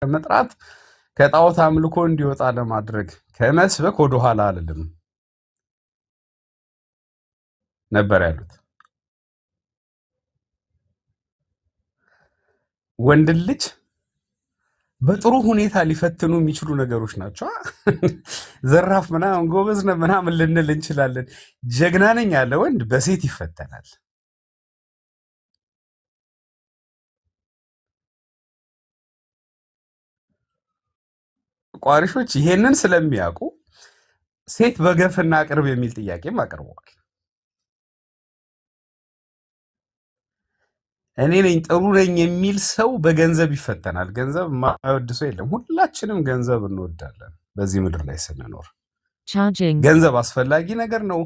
ከመጥራት ከጣዖት አምልኮ እንዲወጣ ለማድረግ ከመስበክ ወደ ኋላ አልልም ነበር ያሉት። ወንድን ልጅ በጥሩ ሁኔታ ሊፈትኑ የሚችሉ ነገሮች ናቸው። ዘራፍ ምናምን ጎበዝ ምናምን ልንል እንችላለን። ጀግና ነኝ ያለ ወንድ በሴት ይፈተናል። ቋሪሾች ይሄንን ስለሚያውቁ ሴት በገፍና ቅርብ የሚል ጥያቄም አቅርበዋል። እኔ ነኝ ጥሩ ነኝ የሚል ሰው በገንዘብ ይፈተናል። ገንዘብ የማይወድ ሰው የለም። ሁላችንም ገንዘብ እንወዳለን በዚህ ምድር ላይ ስንኖር። ገንዘብ አስፈላጊ ነገር ነው።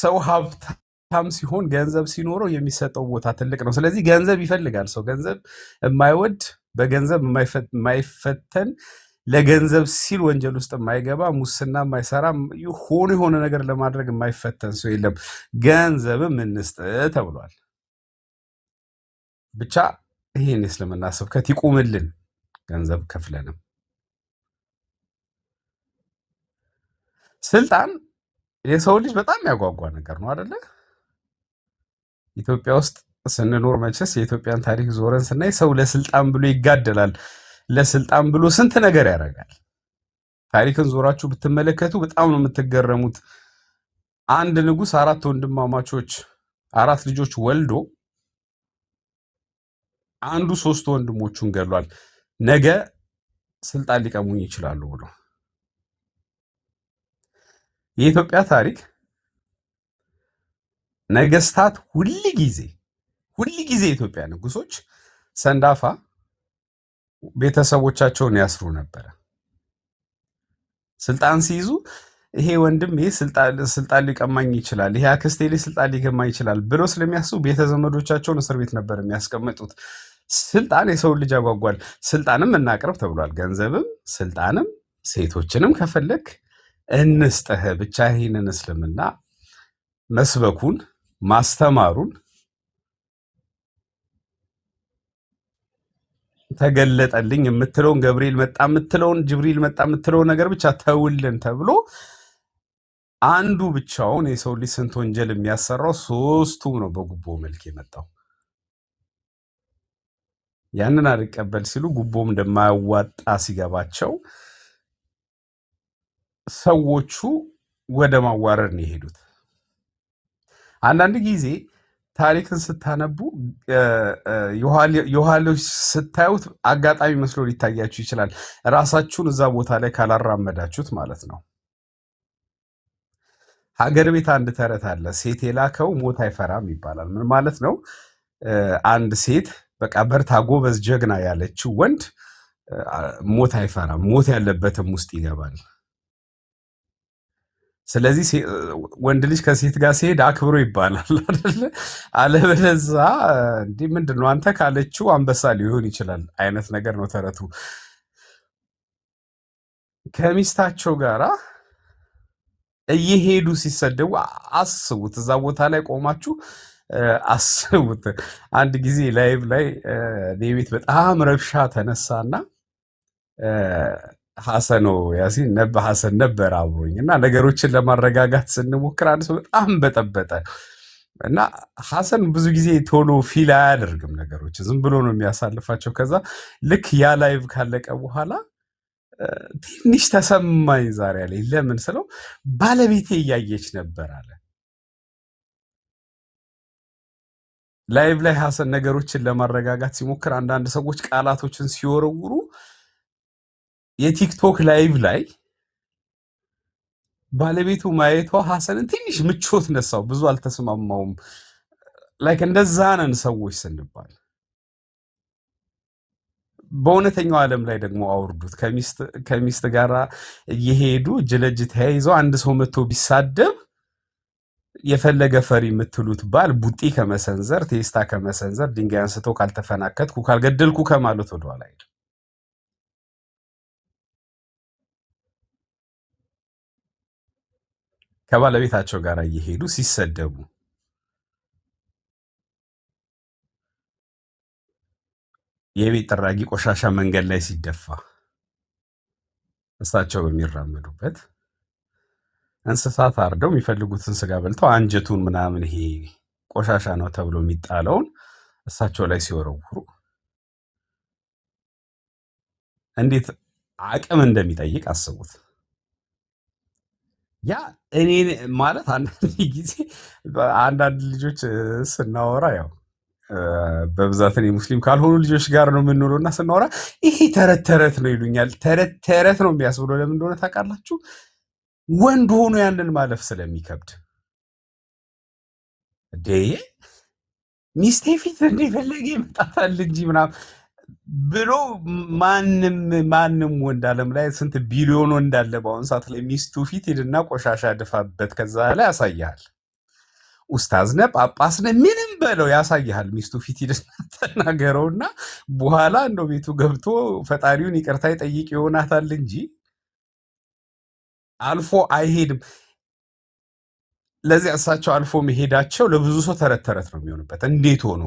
ሰው ሀብታም ሲሆን ገንዘብ ሲኖረው የሚሰጠው ቦታ ትልቅ ነው። ስለዚህ ገንዘብ ይፈልጋል ሰው። ገንዘብ የማይወድ በገንዘብ የማይፈተን ለገንዘብ ሲል ወንጀል ውስጥ የማይገባ ሙስና የማይሰራ ሆኖ የሆነ ነገር ለማድረግ የማይፈተን ሰው የለም። ገንዘብም እንስጥ ተብሏል። ብቻ ይህን የእስልምና ስብከት ይቁምልን። ገንዘብ ከፍለንም ስልጣን የሰው ልጅ በጣም ያጓጓ ነገር ነው አደለ? ኢትዮጵያ ውስጥ ስንኖር መቼስ የኢትዮጵያን ታሪክ ዞረን ስናይ ሰው ለስልጣን ብሎ ይጋደላል። ለስልጣን ብሎ ስንት ነገር ያደርጋል። ታሪክን ዞራችሁ ብትመለከቱ በጣም ነው የምትገረሙት። አንድ ንጉስ አራት ወንድማማቾች አራት ልጆች ወልዶ አንዱ ሶስት ወንድሞቹን ገድሏል። ነገ ስልጣን ሊቀሙኝ ይችላሉ ብሎ የኢትዮጵያ ታሪክ ነገስታት ሁል ጊዜ ሁል ጊዜ የኢትዮጵያ ንጉሶች ሰንዳፋ ቤተሰቦቻቸውን ያስሩ ነበረ። ስልጣን ሲይዙ ይሄ ወንድሜ ስልጣን ሊቀማኝ ይችላል፣ ይሄ አክስቴ ስልጣን ሊገማኝ ይችላል ብሎ ስለሚያስቡ ቤተዘመዶቻቸውን እስር ቤት ነበር የሚያስቀምጡት። ስልጣን የሰውን ልጅ ያጓጓል። ስልጣንም እናቅርብ ተብሏል። ገንዘብም ስልጣንም ሴቶችንም ከፈለግ እንስጥህ ብቻ። ይህንን እስልምና መስበኩን ማስተማሩን ተገለጠልኝ የምትለውን ገብርኤል መጣ የምትለውን ጅብሪል መጣ የምትለውን ነገር ብቻ ተውልን ተብሎ አንዱ ብቻውን የሰው ልጅ ስንት ወንጀል የሚያሰራው ሶስቱም ነው በጉቦ መልክ የመጣው። ያንን አልቀበል ሲሉ ጉቦም እንደማያዋጣ ሲገባቸው ሰዎቹ ወደ ማዋረድ ነው የሄዱት። አንዳንድ ጊዜ ታሪክን ስታነቡ የኋሎች ስታዩት አጋጣሚ መስሎ ሊታያችሁ ይችላል። ራሳችሁን እዛ ቦታ ላይ ካላራመዳችሁት ማለት ነው። ሀገር ቤት አንድ ተረት አለ። ሴት የላከው ሞት አይፈራም ይባላል። ምን ማለት ነው? አንድ ሴት በቃ በርታ፣ ጎበዝ፣ ጀግና ያለችው ወንድ ሞት አይፈራም። ሞት ያለበትም ውስጥ ይገባል። ስለዚህ ወንድ ልጅ ከሴት ጋር ሲሄድ አክብሮ ይባላል አይደለ? አለበለዛ እንዲህ ምንድን ነው አንተ ካለችው አንበሳ ሊሆን ይችላል አይነት ነገር ነው ተረቱ። ከሚስታቸው ጋራ እየሄዱ ሲሰደቡ አስቡት። እዛ ቦታ ላይ ቆማችሁ አስቡት። አንድ ጊዜ ላይቭ ላይ ቤት በጣም ረብሻ ተነሳና ሀሰኖ ያሲን ነበ ሀሰን ነበር አብሮኝ እና ነገሮችን ለማረጋጋት ስንሞክር አንድ ሰው በጣም በጠበጠ እና ሀሰን ብዙ ጊዜ ቶሎ ፊል አያደርግም ነገሮች ዝም ብሎ ነው የሚያሳልፋቸው። ከዛ ልክ ያ ላይቭ ካለቀ በኋላ ትንሽ ተሰማኝ ዛሬ ላይ ለምን ስለው ባለቤቴ እያየች ነበር አለ። ላይቭ ላይ ሀሰን ነገሮችን ለማረጋጋት ሲሞክር አንዳንድ ሰዎች ቃላቶችን ሲወረውሩ የቲክቶክ ላይቭ ላይ ባለቤቱ ማየቷ ሀሰንን ትንሽ ምቾት ነሳው። ብዙ አልተስማማውም። ላይክ እንደዛ ነን ሰዎች ስንባል በእውነተኛው ዓለም ላይ ደግሞ አውርዱት። ከሚስት ጋር እየሄዱ እጅ ለእጅ ተያይዘው አንድ ሰው መጥቶ ቢሳደብ የፈለገ ፈሪ የምትሉት ባል ቡጢ ከመሰንዘር ቴስታ ከመሰንዘር ድንጋይ አንስቶ ካልተፈናከትኩ ካልገደልኩ ከማለት ወደኋላ አይደል። ከባለቤታቸው ጋር እየሄዱ ሲሰደቡ የቤት ጠራጊ ቆሻሻ መንገድ ላይ ሲደፋ እሳቸው በሚራመዱበት እንስሳት አርደው የሚፈልጉትን ስጋ በልተው አንጀቱን ምናምን ይሄ ቆሻሻ ነው ተብሎ የሚጣለውን እሳቸው ላይ ሲወረውሩ እንዴት አቅም እንደሚጠይቅ አስቡት። ያ እኔ ማለት አንዳንድ ጊዜ አንዳንድ ልጆች ስናወራ ያው በብዛት እኔ ሙስሊም ካልሆኑ ልጆች ጋር ነው የምንውለው እና ስናወራ ይሄ ተረት ተረት ነው ይሉኛል። ተረት ተረት ነው የሚያስብለው ለምን እንደሆነ ታውቃላችሁ? ወንድ ሆኖ ያንን ማለፍ ስለሚከብድ ደ ሚስቴ ፊት እንደፈለገ ይመጣታል እንጂ ምናምን ብሎ ማንም ማንም ወንድ አለም ላይ ስንት ቢሊዮን ወንድ አለ በአሁኑ ሰዓት ላይ ሚስቱ ፊት ሂድና ቆሻሻ ድፋበት፣ ከዛ ላይ ያሳይሃል። ኡስታዝ ነ ጳጳስ ነ ምንም በለው ያሳይሃል። ሚስቱ ፊት ሂድና ተናገረውና በኋላ እንደው ቤቱ ገብቶ ፈጣሪውን ይቅርታ ይጠይቅ ይሆናታል እንጂ አልፎ አይሄድም። ለዚያ እሳቸው አልፎ መሄዳቸው ለብዙ ሰው ተረት ተረት ነው የሚሆንበት እንዴት ሆኖ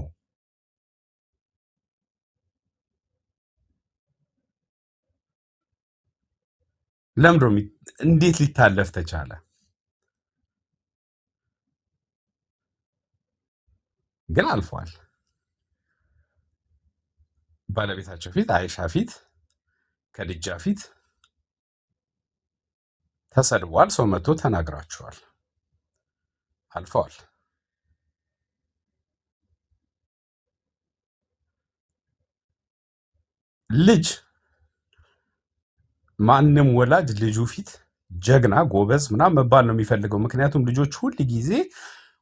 ለምዶ እንዴት ሊታለፍ ተቻለ? ግን አልፏል። ባለቤታቸው ፊት፣ አይሻ ፊት፣ ከድጃ ፊት ተሰድቧል። ሰው መጥቶ ተናግራቸዋል። አልፈዋል። ልጅ ማንም ወላጅ ልጁ ፊት ጀግና ጎበዝ ምናምን መባል ነው የሚፈልገው። ምክንያቱም ልጆች ሁል ጊዜ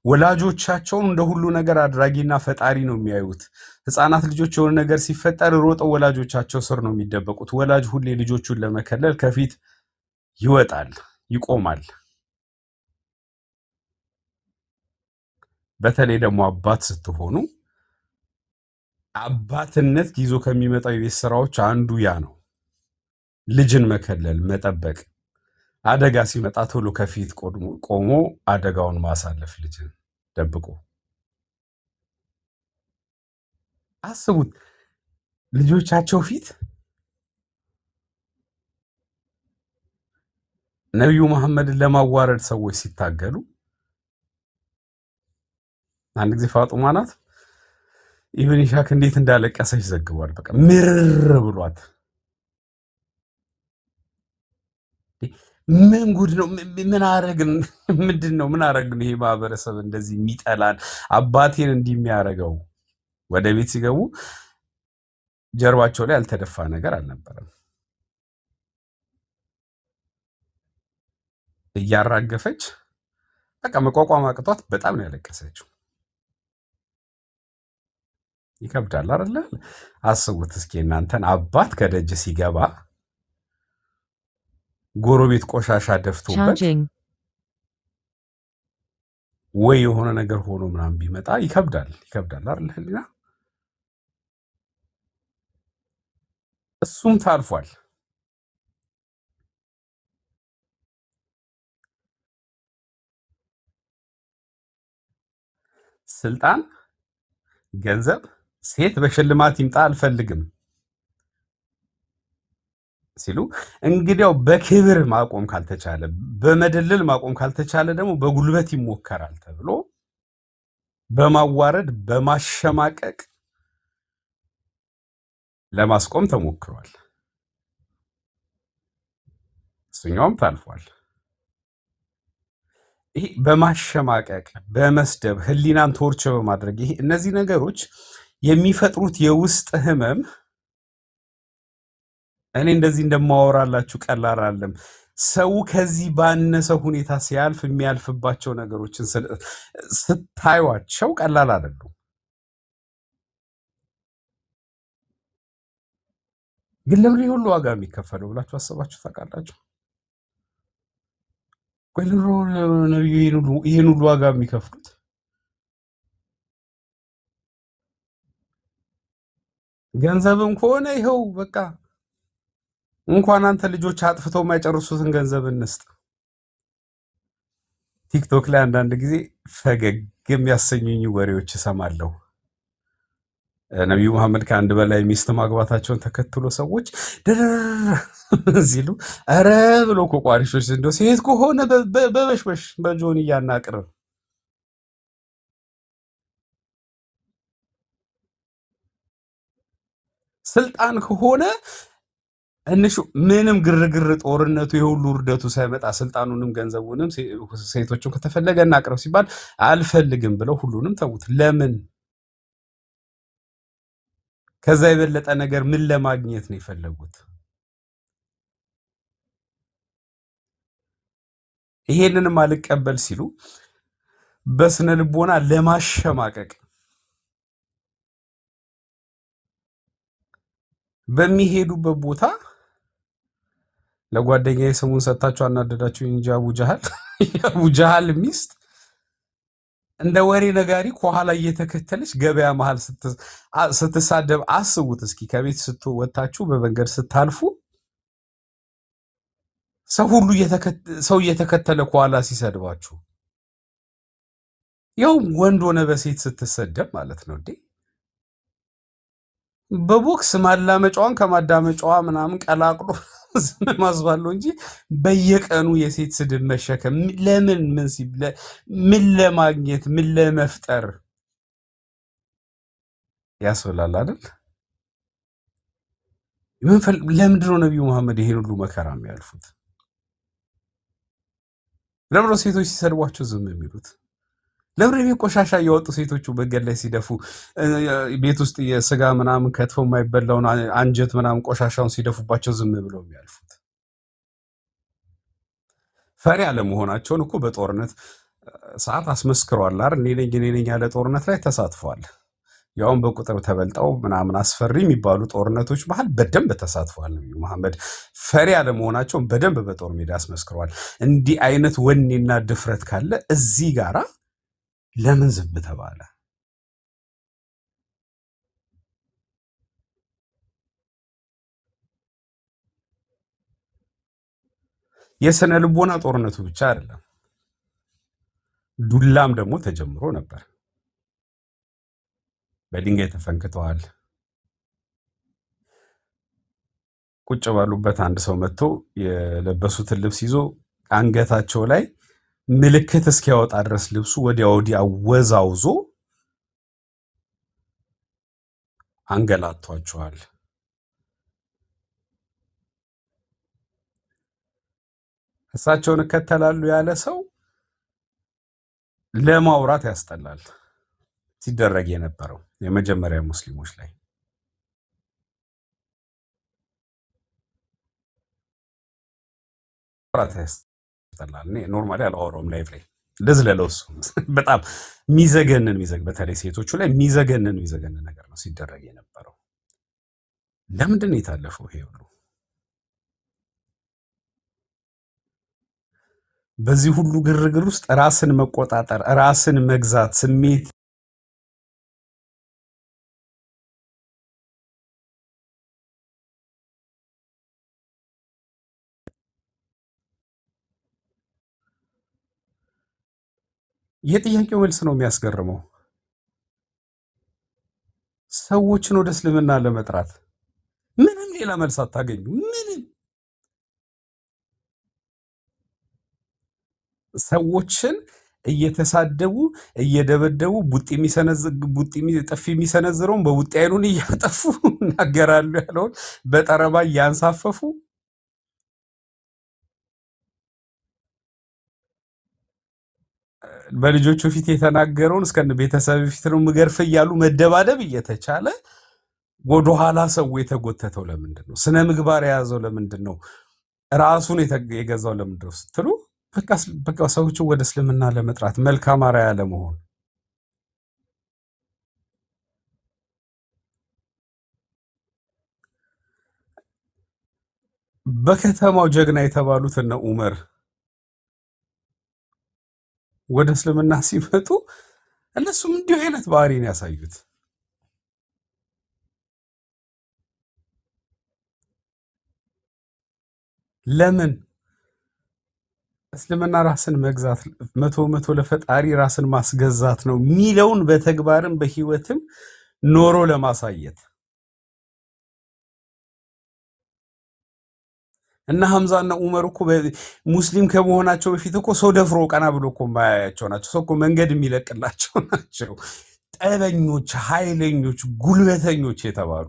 ወላጆቻቸውን እንደ ሁሉ ነገር አድራጊና ፈጣሪ ነው የሚያዩት። ህፃናት ልጆች የሆነ ነገር ሲፈጠር ሮጠው ወላጆቻቸው ስር ነው የሚደበቁት። ወላጅ ሁሌ ልጆቹን ለመከለል ከፊት ይወጣል፣ ይቆማል። በተለይ ደግሞ አባት ስትሆኑ አባትነት ይዞ ከሚመጣው የቤት ስራዎች አንዱ ያ ነው። ልጅን መከለል፣ መጠበቅ፣ አደጋ ሲመጣ ቶሎ ከፊት ቆሞ አደጋውን ማሳለፍ፣ ልጅን ደብቆ አስቡት። ልጆቻቸው ፊት ነቢዩ መሐመድን ለማዋረድ ሰዎች ሲታገሉ አንድ ጊዜ ፋጡማ ናት ኢብን ኢሻክ እንዴት እንዳለቀሰች ዘግቧል። በቃ ምርር ብሏት ምን ጉድ ነው? ምን አረግን? ምንድን ነው? ምን አረግን? ይሄ ማህበረሰብ እንደዚህ የሚጠላን አባቴን እንዲህ የሚያደርገው። ወደ ቤት ሲገቡ ጀርባቸው ላይ ያልተደፋ ነገር አልነበረም። እያራገፈች በቃ መቋቋም አቅቷት በጣም ነው ያለቀሰችው። ይከብዳል አይደለ? አስቡት እስኪ እናንተን አባት ከደጅ ሲገባ ጎረቤት ቆሻሻ ደፍቶበት ወይ የሆነ ነገር ሆኖ ምናምን ቢመጣ ይከብዳል፣ ይከብዳል አይደል ህሊና። እሱም ታልፏል። ስልጣን፣ ገንዘብ፣ ሴት በሽልማት ይምጣ አልፈልግም። ሲሉ እንግዲያው በክብር ማቆም ካልተቻለ በመደለል ማቆም ካልተቻለ ደግሞ በጉልበት ይሞከራል ተብሎ በማዋረድ በማሸማቀቅ ለማስቆም ተሞክሯል። እሱኛውም ታልፏል። ይህ በማሸማቀቅ በመስደብ ህሊናን ቶርቸ በማድረግ ይሄ እነዚህ ነገሮች የሚፈጥሩት የውስጥ ህመም እኔ እንደዚህ እንደማወራላችሁ ቀላል አለም። ሰው ከዚህ ባነሰ ሁኔታ ሲያልፍ የሚያልፍባቸው ነገሮችን ስታዩቸው ቀላል አይደሉም። ግን ለምን ሁሉ ዋጋ የሚከፈለው ብላችሁ አስባችሁ ታውቃላችሁ? ቆይሮ ነቢዩ ይህን ሁሉ ዋጋ የሚከፍሉት ገንዘብም ከሆነ ይኸው በቃ እንኳን አንተ ልጆች አጥፍተው የማይጨርሱትን ገንዘብ እንስጥ። ቲክቶክ ላይ አንዳንድ ጊዜ ፈገግ የሚያሰኙኝ ወሬዎች እሰማለሁ። ነቢዩ መሐመድ ከአንድ በላይ ሚስት ማግባታቸውን ተከትሎ ሰዎች ደረር ሲሉ ኧረ ብሎ እኮ ቋሪሾች ሴት ከሆነ በበሽበሽ በጆን እያናቅር ስልጣን ከሆነ እንሹ ምንም ግርግር ጦርነቱ የሁሉ ውርደቱ ሳይመጣ ስልጣኑንም ገንዘቡንም ሴቶቹን ከተፈለገ እናቅረብ ሲባል አልፈልግም ብለው ሁሉንም ተዉት። ለምን? ከዛ የበለጠ ነገር ምን ለማግኘት ነው የፈለጉት? ይሄንንም አልቀበል ሲሉ በስነ ልቦና ለማሸማቀቅ በሚሄዱበት ቦታ ለጓደኛ ስሙን ሰጥታችሁ አናደዳችሁ እንጂ አቡጃሃል የአቡጃሃል ሚስት እንደ ወሬ ነጋሪ ከኋላ እየተከተለች ገበያ መሀል ስትሳደብ አስቡት እስኪ። ከቤት ስትወጣችሁ በመንገድ ስታልፉ ሰው ሁሉ ሰው እየተከተለ ከኋላ ሲሰድባችሁ፣ ያውም ወንድ ሆነ በሴት ስትሰደብ ማለት ነው እንዴ! በቦክስ ማላመጫዋን ከማዳመጫዋ ምናምን ቀላቅሎ ዝም ማስባለው እንጂ በየቀኑ የሴት ስድብ መሸከም ለምን ምን ምን ለማግኘት ምን ለመፍጠር ያስብላል አይደል? ለምንድን ነው ነቢዩ መሐመድ ይሄን ሁሉ መከራ የሚያልፉት? ለምንድን ነው ሴቶች ሲሰድቧቸው ዝም የሚሉት? ለምን ቤት ቆሻሻ እየወጡ ሴቶቹ በገድ ላይ ሲደፉ ቤት ውስጥ የስጋ ምናምን ከትፎ የማይበላውን አንጀት ምናምን ቆሻሻውን ሲደፉባቸው ዝም ብለው የሚያልፉት ፈሪ አለመሆናቸውን እኮ በጦርነት ሰዓት አስመስክሯል። አር እኔ ነኝ እኔ ነኝ ያለ ጦርነት ላይ ተሳትፏል። ያውም በቁጥር ተበልጠው ምናምን አስፈሪ የሚባሉ ጦርነቶች መሀል በደንብ ተሳትፏል። ነቢዩ መሐመድ ፈሪ አለመሆናቸውን በደንብ በጦር ሜዳ አስመስክሯል። እንዲህ አይነት ወኔና ድፍረት ካለ እዚህ ጋራ ለምን ዝም ተባለ? የስነ ልቦና ጦርነቱ ብቻ አይደለም፣ ዱላም ደግሞ ተጀምሮ ነበር። በድንጋይ ተፈንክተዋል። ቁጭ ባሉበት አንድ ሰው መጥቶ የለበሱትን ልብስ ይዞ አንገታቸው ላይ ምልክት እስኪያወጣ ድረስ ልብሱ ወዲያ ወዲያ ወዛውዞ አንገላቷቸዋል። እሳቸውን እከተላሉ ያለ ሰው ለማውራት ያስጠላል። ሲደረግ የነበረው የመጀመሪያ ሙስሊሞች ላይ ማውራት ያስጠላል። ኖርማሊ አላወራውም ላይፍ ላይ ልዝለለው እሱ በጣም ሚዘገንን ሚዘግ በተለይ ሴቶቹ ላይ ሚዘገንን ሚዘገንን ነገር ነው ሲደረግ የነበረው። ለምንድን ነው የታለፈው ይሄ ሁሉ? በዚህ ሁሉ ግርግር ውስጥ ራስን መቆጣጠር፣ ራስን መግዛት፣ ስሜት የጥያቄው መልስ ነው የሚያስገርመው። ሰዎችን ወደ እስልምና ለመጥራት ምንም ሌላ መልስ አታገኙ። ምንም ሰዎችን እየተሳደቡ እየደበደቡ ቡጢ ጥፊ የሚሰነዝረውን በቡጢ አይኑን እያጠፉ እናገራሉ ያለውን በጠረባ እያንሳፈፉ በልጆቹ ፊት የተናገረውን እስከ ቤተሰብ ፊት ነው ምገርፍ እያሉ መደባደብ እየተቻለ ወደኋላ ሰው የተጎተተው ለምንድን ነው? ስነ ምግባር የያዘው ለምንድን ነው? ራሱን የገዛው ለምንድን ነው ስትሉ በቃ ሰዎችን ወደ እስልምና ለመጥራት መልካም አርአያ ለመሆን በከተማው ጀግና የተባሉት እነ ዑመር ወደ እስልምና ሲመጡ እነሱም እንዲሁ አይነት ባህሪ ነው ያሳዩት። ለምን እስልምና ራስን መግዛት መቶ መቶ ለፈጣሪ ራስን ማስገዛት ነው የሚለውን በተግባርም በህይወትም ኖሮ ለማሳየት እና ሐምዛና ዑመር እኮ ሙስሊም ከመሆናቸው በፊት እኮ ሰው ደፍሮ ቀና ብሎ እኮ ማያያቸው ናቸው። ሰው እኮ መንገድ የሚለቅላቸው ናቸው። ጠበኞች፣ ኃይለኞች፣ ጉልበተኞች የተባሉ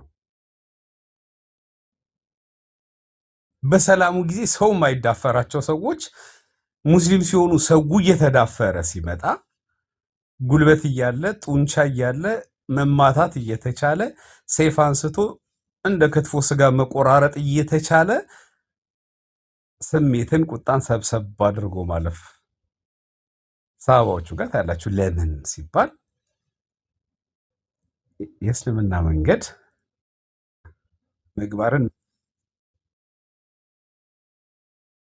በሰላሙ ጊዜ ሰው የማይዳፈራቸው ሰዎች ሙስሊም ሲሆኑ ሰው እየተዳፈረ ሲመጣ ጉልበት እያለ ጡንቻ እያለ መማታት እየተቻለ ሰይፍ አንስቶ እንደ ክትፎ ስጋ መቆራረጥ እየተቻለ ስሜትን፣ ቁጣን ሰብሰብ አድርጎ ማለፍ ሰሃባዎቹ ጋር ታያላችሁ። ለምን ሲባል የእስልምና መንገድ ምግባርን